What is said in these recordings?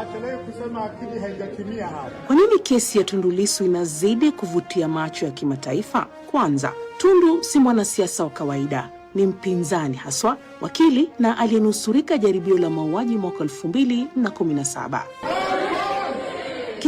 Waachelewe kusema akili haijatimia hapa. Kwa nini kesi ya Tundu Lissu inazidi kuvutia macho ya kimataifa? Kwanza, Tundu si mwanasiasa wa kawaida, ni mpinzani haswa, wakili na aliyenusurika jaribio la mauaji mwaka 217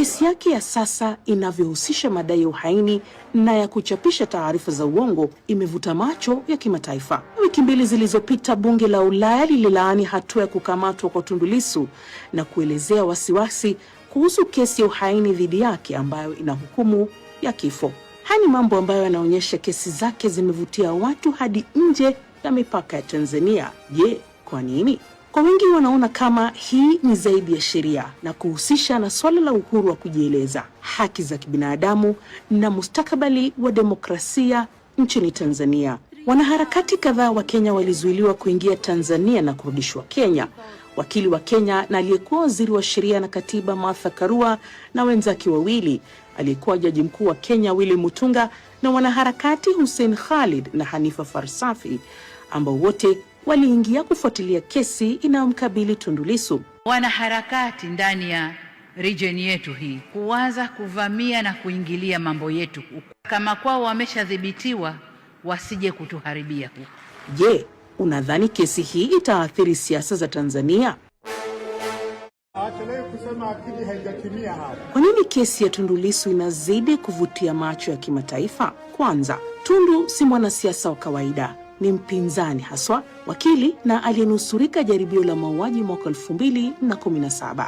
Kesi yake ya sasa inavyohusisha madai ya uhaini na ya kuchapisha taarifa za uongo imevuta macho ya kimataifa. Wiki mbili zilizopita, bunge la Ulaya lililaani hatua ya kukamatwa kwa Tundu Lissu na kuelezea wasiwasi kuhusu kesi ya uhaini dhidi yake ambayo ina hukumu ya kifo. Haya ni mambo ambayo yanaonyesha kesi zake zimevutia watu hadi nje ya mipaka ya Tanzania. Je, kwa nini? Kwa wengi wanaona kama hii ni zaidi ya sheria na kuhusisha na swala la uhuru wa kujieleza, haki za kibinadamu na mustakabali wa demokrasia nchini Tanzania. Wanaharakati kadhaa wa Kenya walizuiliwa kuingia Tanzania na kurudishwa Kenya. Wakili wa Kenya na aliyekuwa waziri wa sheria na katiba Martha Karua na wenzake wawili, aliyekuwa jaji mkuu wa Kenya Willy Mutunga na wanaharakati Hussein Khalid na Hanifa Farsafi ambao wote waliingia kufuatilia kesi inayomkabili Tundu Lissu. Wanaharakati ndani ya region yetu hii kuanza kuvamia na kuingilia mambo yetu huku, kama kwao wameshadhibitiwa, wasije kutuharibia huku. Je, unadhani kesi hii itaathiri siasa za Tanzania? Kwa nini kesi ya Tundu Lissu inazidi kuvutia macho ya kimataifa? Kwanza, Tundu si mwanasiasa wa kawaida, ni mpinzani haswa wakili na aliyenusurika jaribio la mauaji mwaka 217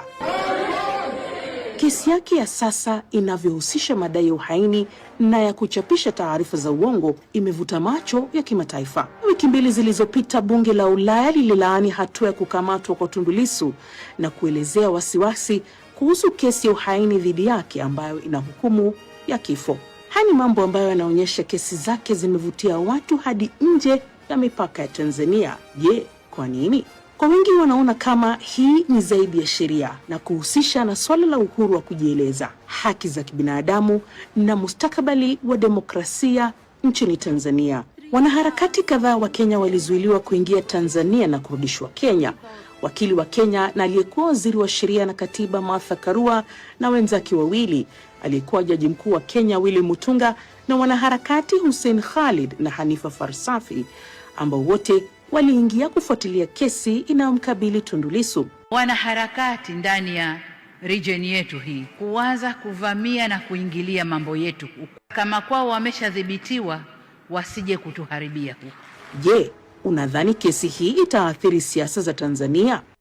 Kesi yake ya sasa inavyohusisha madai ya uhaini na ya kuchapisha taarifa za uongo imevuta macho ya kimataifa. Wiki mbili zilizopita, bunge la Ulaya lililaani hatua ya kukamatwa kwa tundulisu na kuelezea wasiwasi kuhusu kesi ya uhaini dhidi yake ambayo ina hukumu ya kifo. Haya ni mambo ambayo yanaonyesha kesi zake zimevutia watu hadi nje ya mipaka ya Tanzania. Je, kwa nini? Kwa wengi wanaona kama hii ni zaidi ya sheria na kuhusisha na swala la uhuru wa kujieleza, haki za kibinadamu na mustakabali wa demokrasia nchini Tanzania. Wanaharakati kadhaa wa Kenya walizuiliwa kuingia Tanzania na kurudishwa Kenya. Wakili wa Kenya na aliyekuwa waziri wa sheria na katiba Martha Karua na wenzake wawili, aliyekuwa jaji mkuu wa Kenya Willy Mutunga na wanaharakati Hussein Khalid na Hanifa Farsafi ambao wote waliingia kufuatilia kesi inayomkabili Tundu Lissu. Wanaharakati ndani ya region yetu hii kuwaza kuvamia na kuingilia mambo yetu, kama kwao wameshadhibitiwa wasije kutuharibia huko. Je, unadhani kesi hii itaathiri siasa za Tanzania?